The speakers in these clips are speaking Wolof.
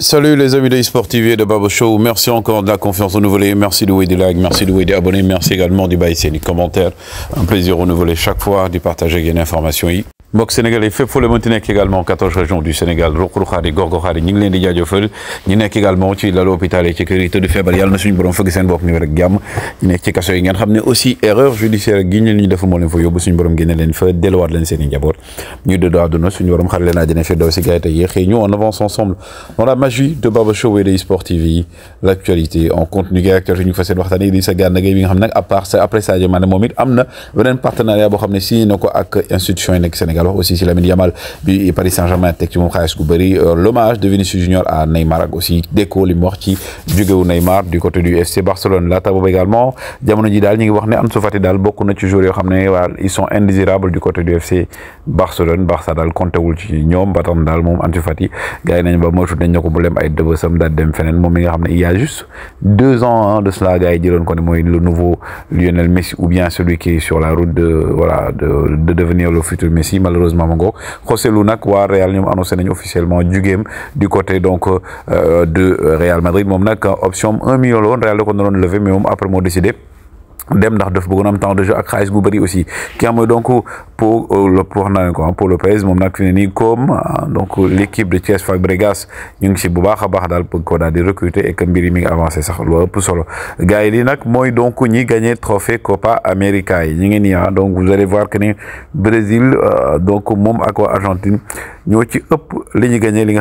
Salut les amis de eSport et de Babo Show. Merci encore de la confiance renouvelée. Merci de des likes, merci de des abonnés, merci également du baisser les commentaires. Un plaisir renouvelé chaque fois de partager une information. Bok Sénégal yi fépp fu la mënti également 14 régions du Sénégal ruq-ruqaat yi gox leen di jaajëfal ñu nekk également ci l'hôpital hôpital ci kër de tëdd feebar na suñu borom fogg seen bok ñu rek jàmm ñu nekk ci kasso yi ngeen xamné aussi erreur judiciaire gi ñu ñu def mo leen fa yóbbu suñu borom génne leen fa delluwaat leen seen i njaboot ñu dëddoo àdduna suñu borom xar leen àjjana fi do ci gaay yi yéex ñu on avance ensemble On la magie de Baba Show et de Sport TV l'actualité en continu gaay actualité ñu ngi fa di sa Idrissa Gana Gueye bi nga xam nag à part après Sadio Mané momit amna benen partenariat bo xamné ne signé na ak institution yi Sénégal alors aussi si média mal et Paris Saint-Germain Techniquement, Khaïs moom euh, l'hommage de Vinicius Junior à Neymar aussi déco les morts qui du Neymar du côté du FC Barcelone Là, tabou également diamono ji dal ñu ngi wax ne Ansu Fati dal bokk na ci ils sont indésirables du côté du FC Barcelone Barça d'Al compté wul ci ñom batam dal mom Ansu Fati gay nañ ba nañ ne ko bu ay dal dem fenen mom nga il y a juste deux ans hein, de cela gars yi ko ne moy le nouveau Lionel Messi ou bien celui qui est sur la route de voilà de de devenir le futur Messi malheureusement mongo go. José Lu nag Real ñoom annoncé nañu officiellement game du côté donc euh, de Real Madrid mom nak option 1 million Real ko non lever mais mom après mon décidé dem ndax daf bëggoon am temps de jeu ak xaalis bu bari aussi ki am donc pour euh, le pour na ko hein, pour le moom mom fi fini comme euh, donc l'équipe de Thiès Fabregas ñu ngi si bu baax baax dal pour ko daal di recruter et que mbir mi ngi avancé sax lu ëpp solo gaay yi nak moy donc ñi gagné trophée Copa America yi ngi ni hein, donc vous allez voir que ni Brésil euh, donc mom ak Argentine. Nous avons gagné li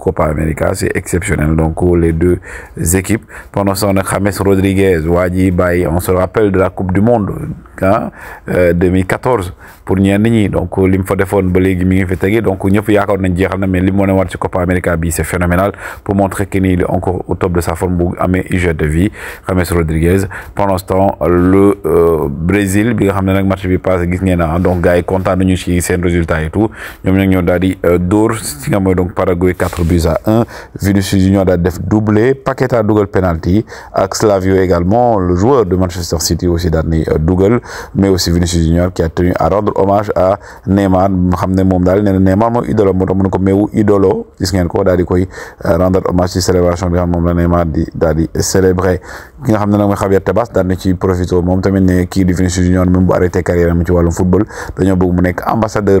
Copa América c'est exceptionnel donc les deux équipes pendant ce temps a James Rodriguez Wadi Bay, on se rappelle de la coupe du monde 2014 ah, euh, pour Nianini. donc li mu fa defoon ba mi donc nous avons nañ une na mais li Copa América c'est phénoménal pour montrer qu'il est encore au top de sa forme Mais il hygiène de vie James Rodriguez pendant ce temps le euh, Brésil bi nga xam un match bi passé gis il est ah, donc gars yi kontaan un ci résultat et tout Nous daal euh, d'or, si donc Paraguay 4 buts à 1 Vinicius Junior a def doublé Paqueta double penalty Axel Slavio également le joueur de Manchester City aussi daal ni euh, mais aussi Vinicius Junior qui a tenu à rendre hommage à Neymar xam ne Neymar moom idolo moo tax ko meewu idolo gis ngeen ko di euh, rendre hommage à la célébration de Neymar di daal di célébrer ki nga xam ne nag mooy Javier Tebas daal na ci profité moom tamit ne kii di Vinicius Junior même bu arrêté carrière am ci wàllum football dañoo bëgg mu nekk ambassadeur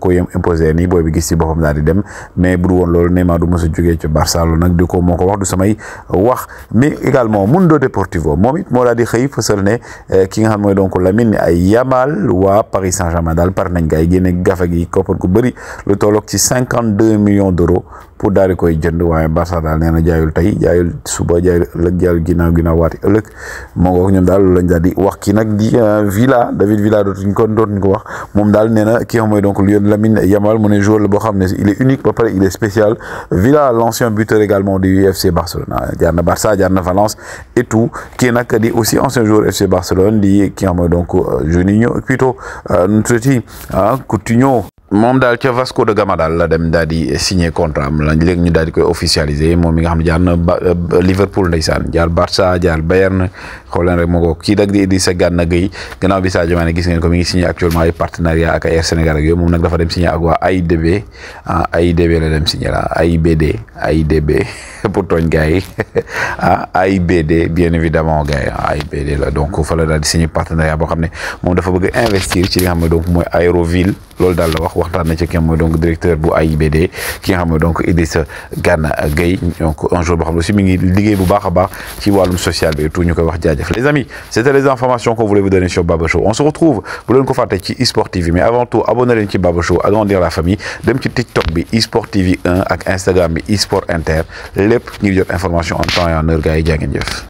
ko yem imposé ni boy bi gis ci boppam daal di dem mais bu won lolou loolu Neymar du mësu joggé ci barcelone nak diko moko wax du samay wax mais également Mundo Deportivo momit mo moo di xëy fësal né eh, ki nga xam mooy donc Lamine ay Yamal wa Paris Saint-Germain dal par nañ gars yi gafa gi koppar gu bëri lu tolok ci 52 millions d'euros pour dal di koy jënd waye Barça dal néna jaayul tay jaayul suba jaayul ëllëg jaayul ginnaaw ginnaaw waati ëllëg moo ngoog ñoom daal lañ dal di wax ki nak di eh, Villa David Villa dootuñ ko dootuñ ko wax mom dal néna ki nga xam mooy donc Lionel il est unique il est spécial Villa l'ancien buteur également du FC Barcelone il a un Barça il a un Valence et tout Qui est di aussi ancien joueur FC Barcelone qui qui donc, xam euh, donc Juninho plutôt notre petit, tuddati Coutinho mom dal ci Vasco de Gama dal la dem daal di contrat am la léegi ñu daal di koy officialiser mom mi nga xam jaar na Liverpool ndaysan jaar Barça jaar Bayern xolen rek moo ki dag nag di Idrissa ganna Gueye gannaaw bi sa Mané gis ngeen ko mi ngi signer actuellement ay partenariat ak Air senegal ak yooyu mom nak dafa dem signer ak wa aidb aidb ah, la dem signer la AIBD aidb pour tooñ gay ah AIBD bien évidemment gay AIBD la donc fa la daal di signé partenariat bo xamne mom dafa bëgg investir ci nga xam donc moy aeroville lol dal la wax. waxtaan ci ki donc directeur bu AIBD ki nga xam donc Idrissa Gana Gueye donc un jour bo xam ci aussi mi ngi liggéey bu baax baax ci walum social bi tout ñu wax les amis c'était les informations qu'on voulait vous donner sur Baba Show on se retrouve bu leen ko faté ci eSport TV mais avant tout abonnez leen ci Baba Show agrandir la famille dem ci TikTok bi eSport TV 1 ak Instagram bi eSport Inter lepp ngir jot information en temps et en heure gaay